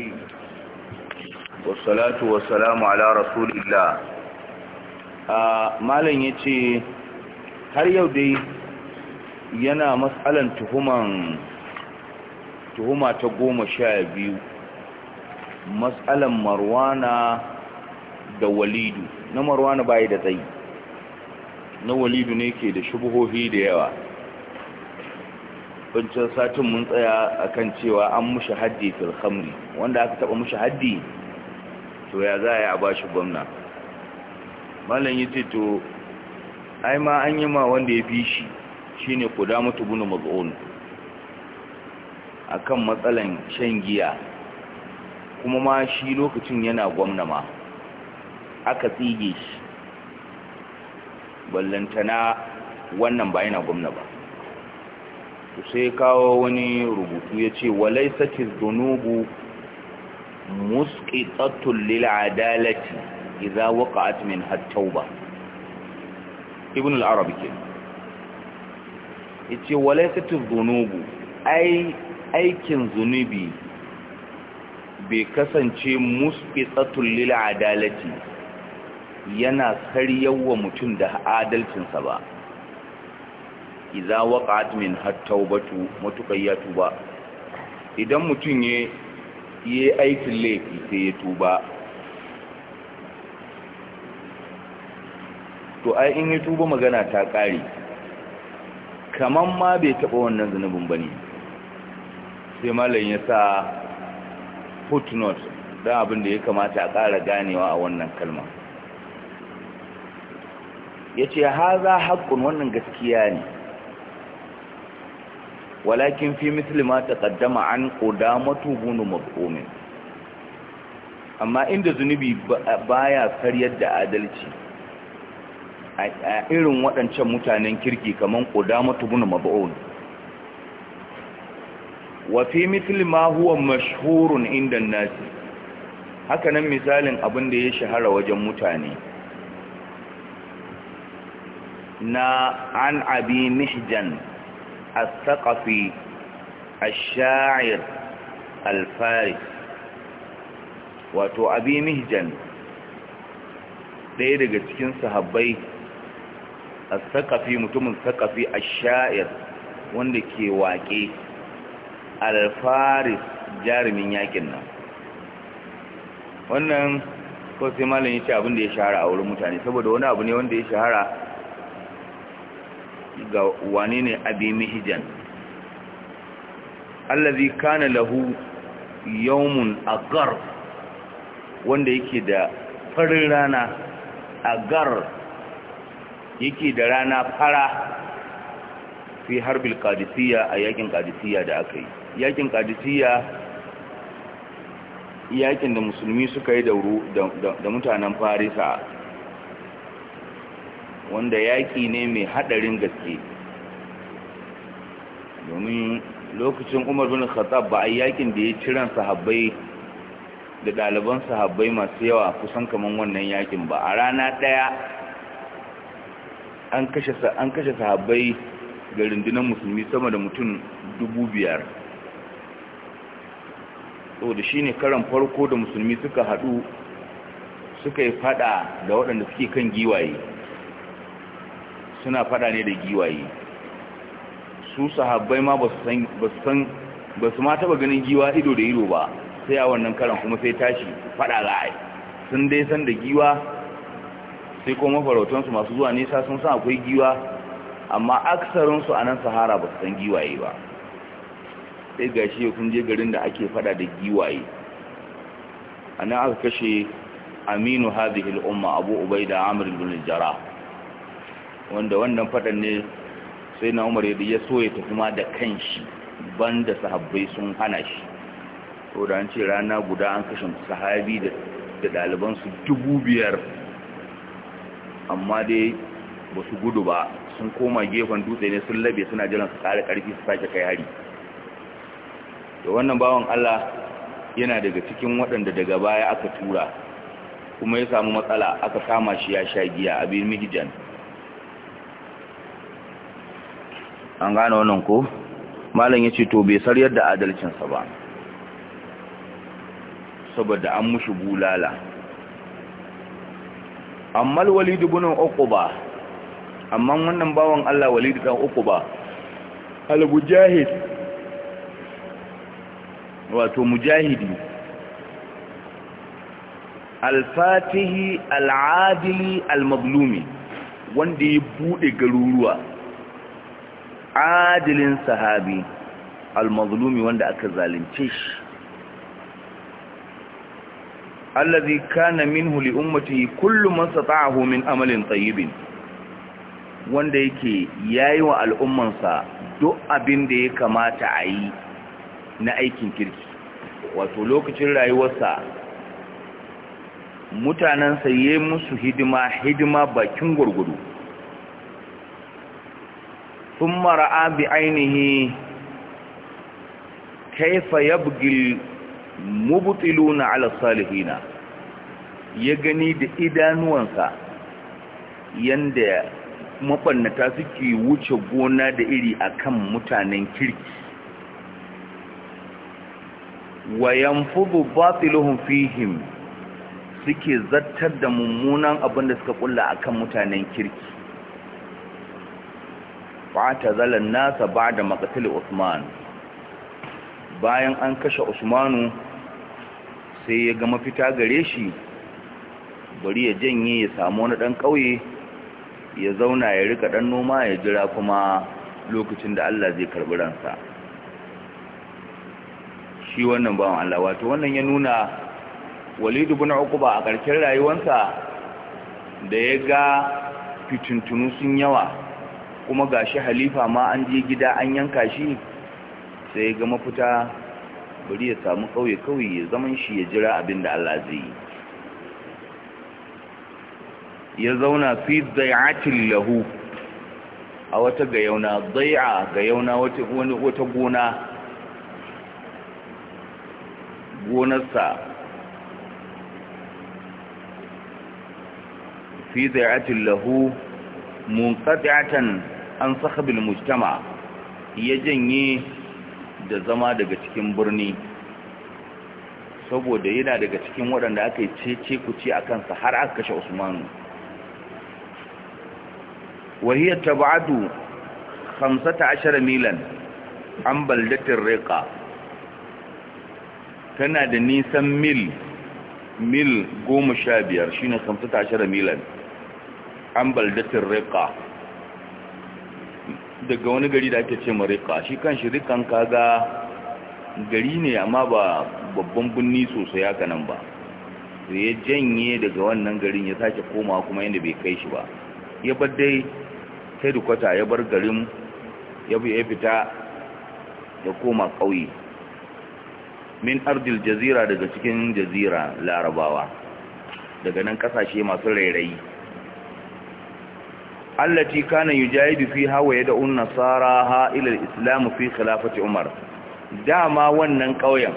الرحيم والصلاة والسلام على رسول malam ya ce har yau dai yana matsalar tuhuman tuhuma ta goma sha biyu matsalan marwana da walidu na marwana bayi da tsayi na walidu ne ke da shubuhohi da yawa wancan satin mun tsaya akan cewa an mushi haddi filhamri wanda aka taba mushi haddi to ya za a bashi gwamna malam yi to ai ma an yi ma wanda ya fi shi shi ne ku shine kudamatu bin A kan matsalan shan giya kuma ma shi lokacin yana gwamna ma aka tsige shi ballantana wannan ba yana gwamna ba to sai kawo wani rubutu ya ce walai sati zunubu musqitatul lil adalati idza waqa'at min at ibn al-arabi ke yace walai sati zunubu ai aikin zunubi bai kasance musqitatul lil adalati yana wa mutum da adalcinsa ba iza waqa'at min at-taubatu ba idan mutum ya yi aikin laifi sai ya tuba to ai in ya tuba magana ta ƙare kaman ma bai taba wannan zunubin bane sai malam ya sa footnote don abin da ya kamata a ƙara ganewa a wannan kalma ya ce haza haƙƙun wannan gaskiya ne walakin fi misli ma taqaddama an qudamatu bunu mabqumin amma inda zunubi baya karyar da adalci a irin waɗancan mutanen kirki kaman qudamatu bunu mab'un wa fi misli ma huwa mashhurun inda haka nan misalin abin da ya shahara wajen mutane na an abi mihjan الثقفي الشاعر الفارس wato abi mihjan ɗaya daga cikin sahabbai a sakafi mutumin sakafi a sha'ir wanda ke waƙe alfaris jarumin yakin nan wannan ko sai malam ya ce abin da ya shahara a wurin mutane saboda wani abu ne wanda ya shahara ga wane ne abi mihijan allazi kana lahu yawmun aqar wanda yake da farin rana agar yake da rana fara fi harbil qadisiyya a yakin qadisiyya da aka yi yakin qadisiyya yakin da musulmi suka yi da da mutanen farisa wanda yaƙi ne mai haɗarin gaske domin lokacin umar bin khattab ba a yakin da ya ciran sahabbai da ɗaliban sahabbai masu yawa kusan kamar wannan yakin ba a rana ɗaya an kashe sahabbai ga rundunar musulmi sama da mutum dubu biyar saboda shi ne karan farko da musulmi suka haɗu suka yi fada da waɗanda suke kan giwaye suna fada ne da giwaye su sahabbai ma ba su ma taba ganin giwa ido da ido ba sai a wannan karan kuma sai tashi fada za sun dai san da giwa sai kuma mafarautansu masu zuwa nisa sun san akwai giwa amma aksarinsu a nan sahara basu san giwaye ba sai gashi kun je garin da ake fada da giwaye a nan aka kashe aminu hazihil umma abu ubaida amir bin jarrah wanda wannan fadan ne sai na umar ya so ya tafi ma da kan kanshi da sahabbai sun hana shi to da an ce rana guda an kashe sahabi da ɗalibansu dubu biyar amma dai ba su gudu ba sun koma gefen dutse ne sun labe suna jiran su ƙara ƙarfi su sake kai hari da wannan bawan Allah yana daga cikin waɗanda daga baya aka tura kuma ya samu matsala aka kama shi ya sha giya abin mijijan an gane wannan ko malam ya ce to bai saryar da adalcinsa ba saboda an mushi bulala amma walid ibn uku ba amma wannan bawan Allah walid ibn uku ba al-mujahid wato mujahidi al-fatihi al-adili al-mazlumi wanda ya bude garuruwa adilin sahabi almazlumi wanda aka zalunce shi allazi kana minhu li ummati kullu man sata'ahu min amalin tayyibin wanda yake yayi wa al'ummansa duk abin da ya kamata a yi na aikin kirki wato lokacin rayuwarsa mutanensa yi musu hidima hidima bakin gurgudu ثم رأى بعينه كيف يبغي المبطلون salihina ya gani da idanuwansa yadda mabannata suke wuce gona da iri akan mutanen kirki wa yanfudu batiluhun fihim suke zartar da mummunan abinda suka kulla akan mutanen kirki fata zalan nasa ba da makatali usman bayan an kashe usmanu sai ya ga mafita gare shi bari ya janye ya samu wani ɗan ƙauye ya zauna ya rika ɗan noma ya jira kuma lokacin da Allah zai karbi ransa shi wannan bawan Allah wato wannan ya nuna walidu ibn Uqba a ƙarshen rayuwarsa da ya ga fitintunu sun yawa kuma ga shi halifa ma an je gida an yanka shi sai ga mafita bari ya samu kauye kauye ya zaman shi ya jira abin da Allah zai yi ya zauna fi dai'atin lahu a wata gayauna dai'a gayauna wata gona gonarsa fi dai'atin lahu munqati'atan an sahabil mujtama ya janye da zama daga cikin birni saboda yana daga cikin waɗanda aka yi cece ce a kansa har aka kashe usmanu wahiyar tabadu 15 milan an baldatin reka tana da nisan mil mil 15 shine 15 milan an baldatin reka daga wani gari da ake ce mariƙa shi kan shi kaga gari ne amma ba babban birni sosai haka nan ba ya janye daga wannan garin ya sake koma kuma inda bai kai shi ba ya bar dai hedikwata ya bar garin ya fita ya koma ƙauye min ardil jazira daga cikin jazira larabawa daga nan ƙasashe masu rairayi allati kana yujahidu fiha wa yad'u nasaraha ila al-islam fi khilafati umar dama wannan kauyen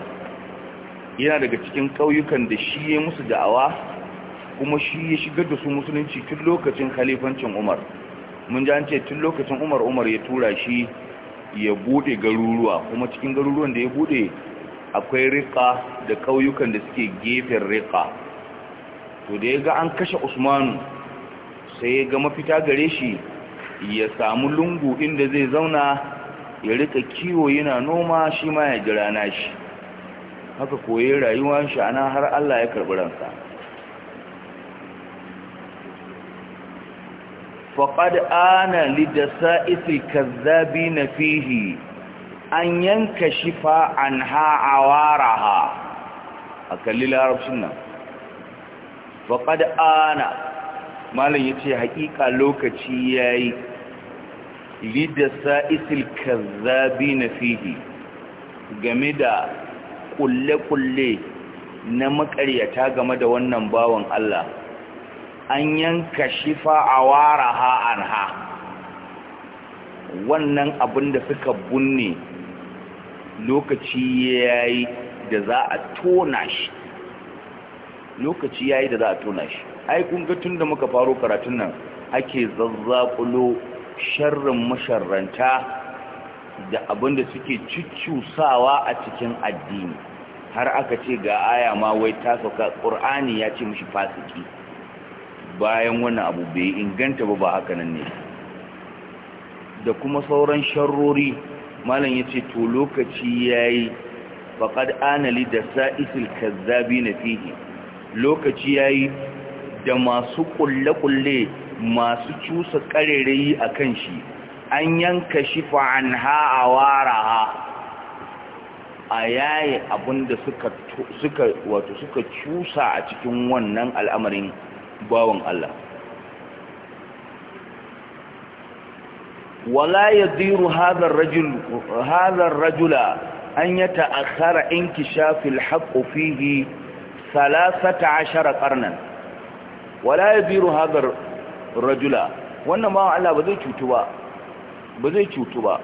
yana daga cikin kauyukan da shi ya musu da'awa kuma shi ya shigar da su musulunci tun lokacin khalifancin umar mun ji an ce tun lokacin umar umar ya tura shi ya bude garuruwa kuma cikin garuruwan da ya bude akwai riƙa da kauyukan da suke gefen riƙa to da ya ga an kashe usmanu sai ga mafita gare shi ya samu lungu inda zai zauna ya rika kiwo yana noma shi ma ya jira na shi haka koye rayuwar shi ana har Allah ya karɓi ransa faƙad ana lidasa kazzabi na fihi an yanka shifa an ha'awara ha a kalli larabcin nan faƙad ana malam ya ce haƙiƙa lokaci ya yi lidasa isil kazzabi na fihi game da ƙulle-ƙulle na makaryata game da wannan bawan Allah an yanka shifa a wara ha'an ha wannan abin da suka bunne lokaci ya da za a tona shi lokaci ya yi da za a tona shi ai kun tun da muka faro karatun nan ake zazzakulo sharrin masharranta da abinda suke cuccusawa a cikin addini har aka ce ga aya ma wai ta sauka ƙur'ani ya ce mishi fasiki bayan wannan abu bai inganta ba ba haka nan ne da kuma sauran sharrori malam ya ce to lokaci ya yi faƙad anali da sa'isil kazzabi na fihi lokaci ya yi da masu kulle-kulle masu cusa karerayi a kan shi an yanka shi fa'an wara ha a yayi abinda suka suka cusa a cikin wannan al'amarin bawan Allah wala yadiru hadha ar-rajul hadha ar-rajula an yata'akhkhara inkishaf haqq fihi 13 qarnan wala ya yaziru hadar rajula wannan ma Allah ba zai cutu ba ba zai cutu ba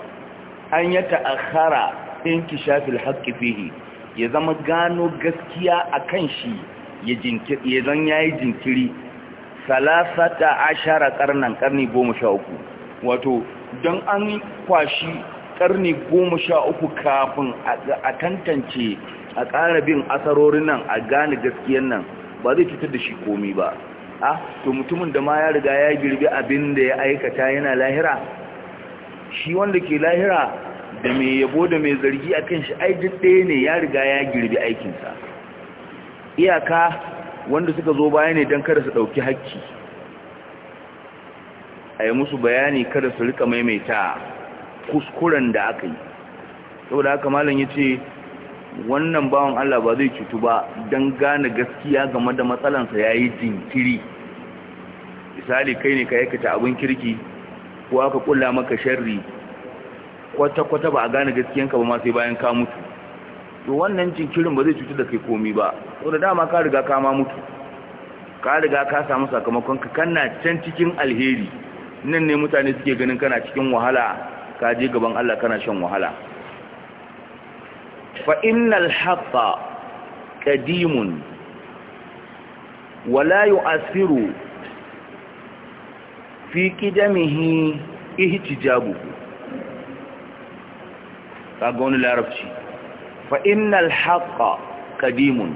an ya ta'akhara inkishafil haqqi fihi ya zama gano gaskiya akan shi ya jinkiri ya zan yayi jinkiri 13 ashara karnan karni 13 wato don an kwashi karni 13 kafin a tantance a ƙara bin asarorin nan a gane gaskiyar nan ba zai cutar da shi komai ba a to mutumin da ma ya riga ya girbi abin da ya aikata yana lahira shi wanda ke lahira da mai yabo da mai zargi a kan shi duk ɗaya ne ya riga ya girbi aikinsa iyaka wanda suka zo baya ne don kada su ɗauki hakki a yi musu bayani kada su rika maimaita kuskuren da aka yi saboda haka malam ya ce wannan bawan Allah ba zai cutu ba don gane gaskiya game da matsalansa ya yi jinkiri misali kai ne ka aikata abin kirki ko aka kula maka sharri kwata-kwata ba a gane gaskiyanka ba ma sai bayan ka mutu to wannan jinkirin ba zai cutu da kai komi ba to da dama ka riga ka ma mutu ka riga ka samu sakamakon ka kana can cikin alheri nan ne mutane suke ganin kana cikin wahala ka je gaban Allah kana shan wahala فإن الحق قديم ولا يؤثر في قدمه احتجابه kagon larabci fa innal haqqa qadimun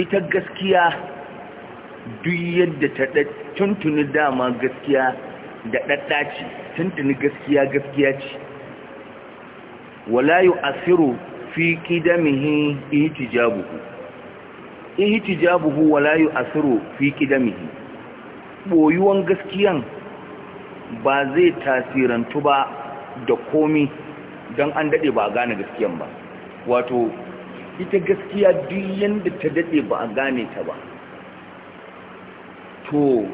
ita gaskiya duk yadda ta tuntuni dama gaskiya da daddaci tuntuni gaskiya gaskiya ce wala yu'athiru fi qidamihi ihtijabuhu ihtijabuhu wala yu'athiru fi qidamihi boyuwan gaskiyan ba zai tasirantu ba da komi don an daɗe ba a gane gaskiyan ba wato ita gaskiya duk yanda ta daɗe ba a gane ta ba to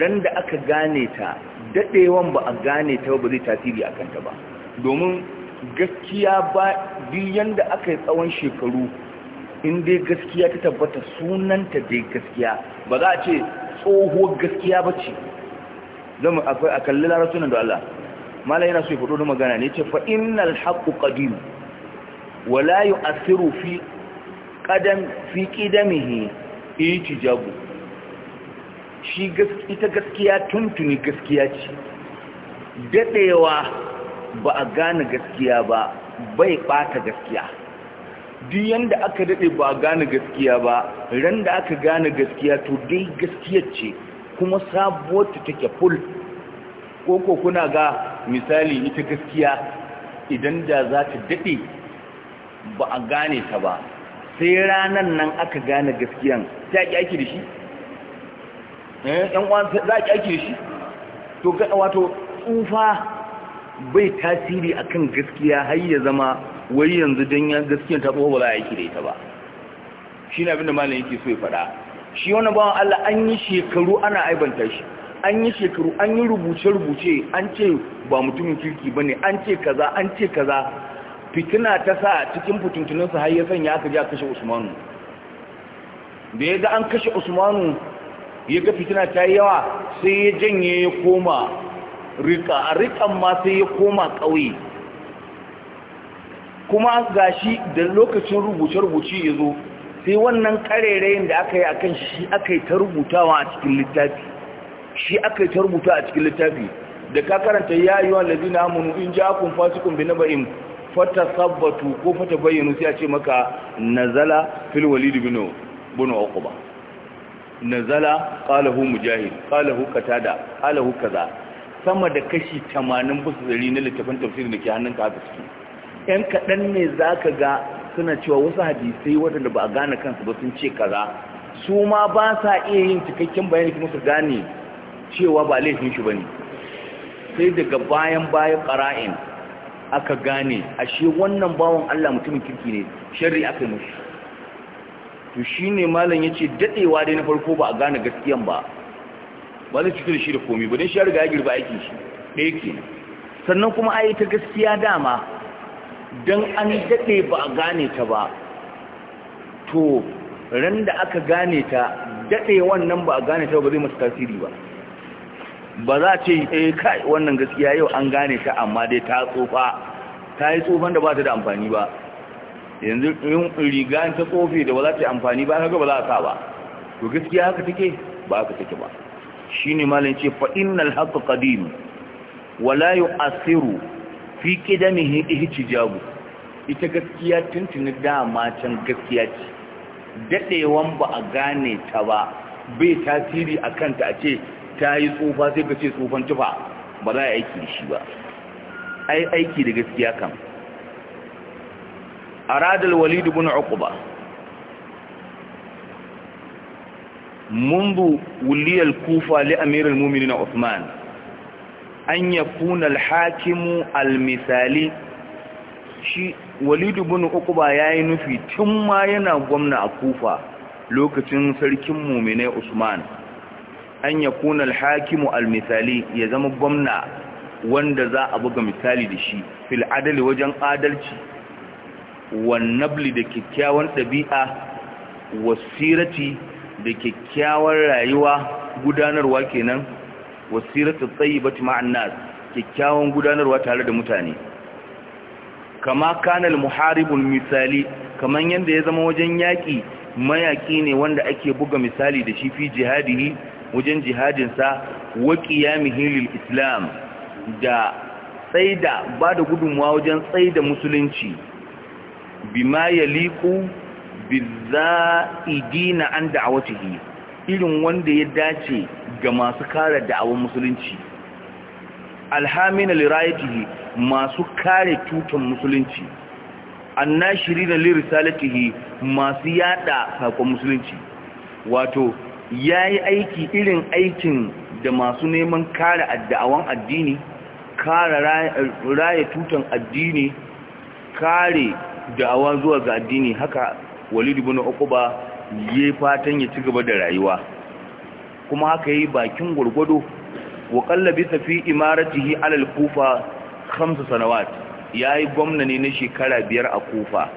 ran da aka gane ta daɗewan ba a gane ta ba zai tasiri a kanta ba domin gaskiya ba duk yanda aka yi tsawon shekaru in dai gaskiya ta tabbata sunanta dai gaskiya ba za a ce tsoho gaskiya ba ce zama akwai a kalli larasunan da Allah mala yana su ya fudu da magana ne ce fa'inal haƙu ƙadiru wala yi asiru fi ƙidamihi iti jabu shi ita gaskiya tuntuni gaskiya ce daɗewa ba a gane gaskiya ba bai bata gaskiya duk yanda aka daɗe ba a gane gaskiya ba ran da aka gane gaskiya to dai gaskiyar ce kuma sabuwar ta take full koko kuna ga misali ita gaskiya idan da za ta daɗe ba a gane ta ba sai ranan nan aka gane gaskiyan ta kyaki aiki da shi eh yan uwan za ki aiki da shi to wato tsufa bai tasiri a kan gaskiya har ya zama wai yanzu don ya gaskiya ta ba za a yi da ita ba shi ne abinda malin yake so ya faɗa shi wani bawan Allah an yi shekaru ana aibanta shi an yi shekaru an yi rubuce-rubuce an ce ba mutumin kirki ba ne an ce kaza an ce kaza fitina ta sa cikin fitintuninsa har ya sanya aka ja kashe usmanu da ya ga an kashe usmanu ya ga fitina ta yi yawa sai ya janye ya koma rika rikan ma sai ya koma ƙauye kuma ga shi da lokacin rubuce-rubuce ya zo sai wannan ƙarerayin da aka yi a kan shi aka yi ta rubutawa a cikin littafi shi aka yi ta rubuta a cikin littafi da ka karanta ya yi wa na amunu in ji akun fasikun bi na ba'in fata sabbatu ko fata bayyanu sai a ce maka nazala fil walidu bino nazala kalahu mujahid kalahu katada kalahu kaza sama da kashi tamanin bisa dari na littafin tafsir da ke hannunka haka ciki yan kaɗan ne za ka ga suna cewa wasu hadisai waɗanda ba a gane kansu ba sun ce kaza su ma ba sa iya yin cikakken bayani kuma su gane cewa ba laifin shi ba ne sai daga bayan bayan ƙara'in aka gane ashe wannan bawan Allah mutumin kirki ne shari aka yi to shi ne malam ce dadewa dai na farko ba a gane gaskiyan ba ba zai cutar shi da komi ba don shi ya riga ya girba aikin shi da yake sannan kuma a yi ta gaskiya dama don an daɗe ba a gane ta ba to ran da aka gane ta daɗe wannan ba a gane ta ba zai masa tasiri ba ba za a ce eh kai wannan gaskiya yau an gane ta amma dai ta tsofa ta yi tsofan da ba ta da amfani ba yanzu yin riga ta tsofe da ba za ta yi amfani ba haka ba za a sa ba to gaskiya haka take ba haka take ba ne malin ce fa innal haqq qadim wala asiru fi qidamihi ihtijabu ita gaskiya tuntuni dama can gaskiya ce daɗewan ba a gane ta ba bai tasiri a kanta a ce ta yi tsufa sai ka ce tsufan tufa ba za a aiki da shi ba ai aiki da gaskiya kan aradal bin uku ba. منذ ولي الكوفة لأمير المؤمنين عثمان أن يكون الحاكم المثالي shi walidu bin uquba yayi nufi tun ma yana gwamna a kufa lokacin sarkin mu'minai usman an yakuna al-hakimu al ya zama gwamna wanda za a buga misali da shi Filadali wajen adalci wan da kyakkyawan ɗabi'a wasirati da kyakkyawar rayuwa gudanarwa kenan wasiratu tayyibati ma'an nas kyakkyawan gudanarwa tare da mutane kama kanal muharibul misali kaman yanda ya zama wajen yaki mayaki ne wanda ake buga misali da shi fi jihadihi wajen jihadinsa wa qiyamihi lil islam da tsaida ba da gudunmuwa wajen tsaida musulunci bima yaliku bizaidina an da'awatihi irin wanda ya dace ga masu kare da'awan musulunci alhamina lirayatihi masu kare tutan musulunci annashirina lirisalatihi masu yada sakon musulunci wato yayi aiki irin aikin da masu neman kare addawan addini kare raye tutan addini kare da'awa zuwa ga addini haka walid ibn uquba ya fatan ya ci gaba da rayuwa kuma haka yi bakin gurgudu wa qallabi fi imaratihi ala al-kufa khams sanawat yayi gwamna ne na shekara biyar a kufa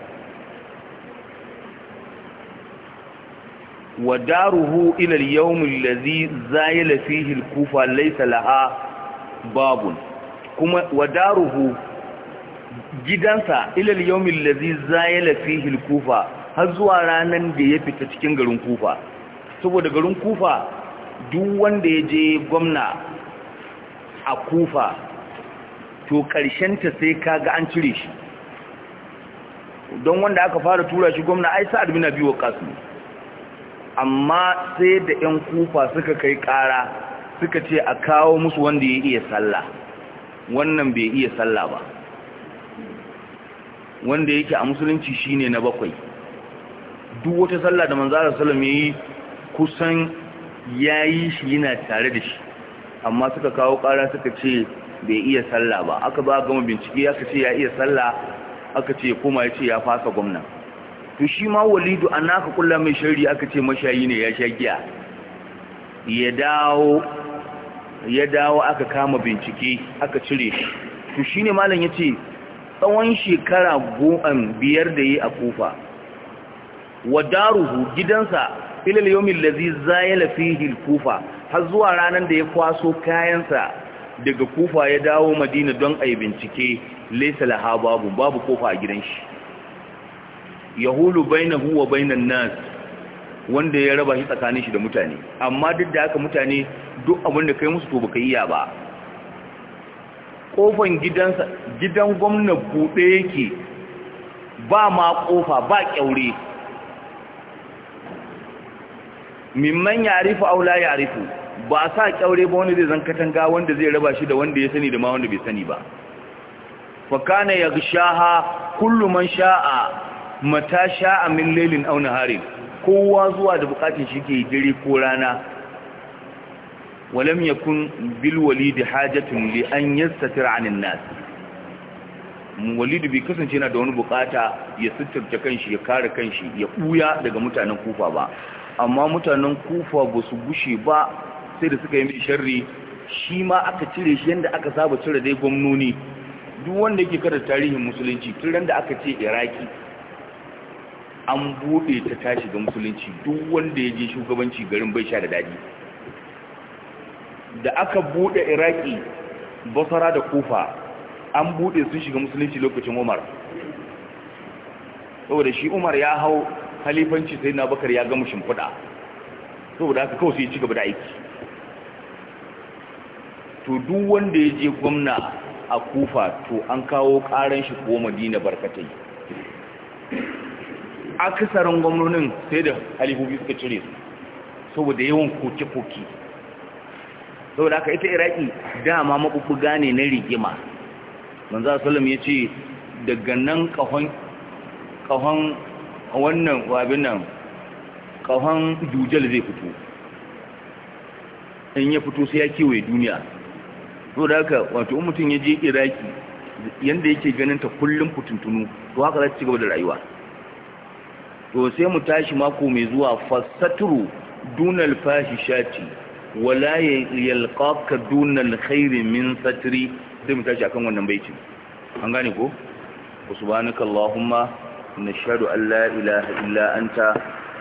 wa daruhu ila al-yawm alladhi zayala fihi al-kufa laysa laha babun kuma wa daruhu gidansa ila al-yawm alladhi zayala fihi al-kufa har zuwa ranar da ya fita cikin garin kufa saboda garin kufa duk wanda ya je gwamna a kufa to ta sai kaga an cire shi don wanda aka fara tura shi gwamna ai sa'ad bin abi waqas amma sai da ƴan kufa suka kai ƙara suka ce a kawo musu wanda ya iya sallah wannan bai iya sallah ba wanda yake a musulunci shine na bakwai duk wata sallah da manzo Allah ya yayi kusan yi shi yana tare da shi amma suka kawo ƙara suka ce bai iya sallah ba aka ba gama bincike aka ce ya iya sallah aka ce kuma ya ce ya fasa gwamna to shi ma walidu an aka kulla mai shari aka ce mashayi ne ya sha giya ya dawo ya dawo aka kama bincike aka cire shi to shine malam yace tsawon shekara go'an biyar da yi a kofa wa daruhu gidansa ilal yawmin ladhi zayala fihi al-kufa har zuwa ranan da ya kwaso kayansa daga kufa ya dawo madina don ayi bincike laysa laha babu babu kofa a gidan shi yahulu bainahu wa bainan nas wanda ya raba shi tsakanin shi da mutane amma duk da haka mutane duk abin da kai musu to baka iya ba kofan gidansa gidan gwamna buɗe yake ba ma kofa ba kyaure mimman ya'rifu aw la ya'rifu ba sa kyaure ba wanda zai zan katanga wanda zai raba shi da wanda ya sani da ma wanda bai sani ba fa kana yaghshaha kullu man sha'a mata sha'a min lailin aw naharin kowa zuwa da bukatun shi ke dare ko rana walam yakun bil walid hajatun li an yastatir 'anil nas walid bai kasance yana da wani bukata ya sittarta kanshi ya kare kanshi ya buya daga mutanen kufa ba amma mutanen kufa ba su gushe ba sai da suka yi mai sharri shi ma aka cire shi yadda aka saba cire dai gwamnoni duk wanda yake kada tarihin musulunci tun da aka ce iraki an buɗe ta tashi ga musulunci duk wanda ya je shugabanci garin bai sha da daɗi da aka buɗe iraki basara da kufa an buɗe sun shiga musulunci lokacin umar saboda shi umar ya hau halifanci sai na bakar ya gama shimfiɗa saboda haka kawai sai ci gaba da aiki to duk wanda ya je gwamna a kufa to an kawo ƙaran shi ko madina barkatai akasarin gwamnonin sai da halifofi suka cire su saboda yawan koke-koke saboda haka ita iraki dama maɓuɓɓuga ne na rigima manzo Salam ya ce daga nan ƙahon wannan wabin nan ƙahon dujal zai fito in ya fito sai ya kewaye duniya so da haka wato in mutum ya je iraki yadda yake ganin ta kullum fitintunu to haka za ta ci gaba da rayuwa to sai mu tashi mako mai zuwa fasaturu dunal shati, wala ya yalqaka dunal khairi min satiri sai mu tashi akan wannan baicin. an gane ko subhanakallahumma نشهد أن لا إله إلا أنت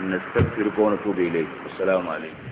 نستغفرك ونتوب إليك السلام عليكم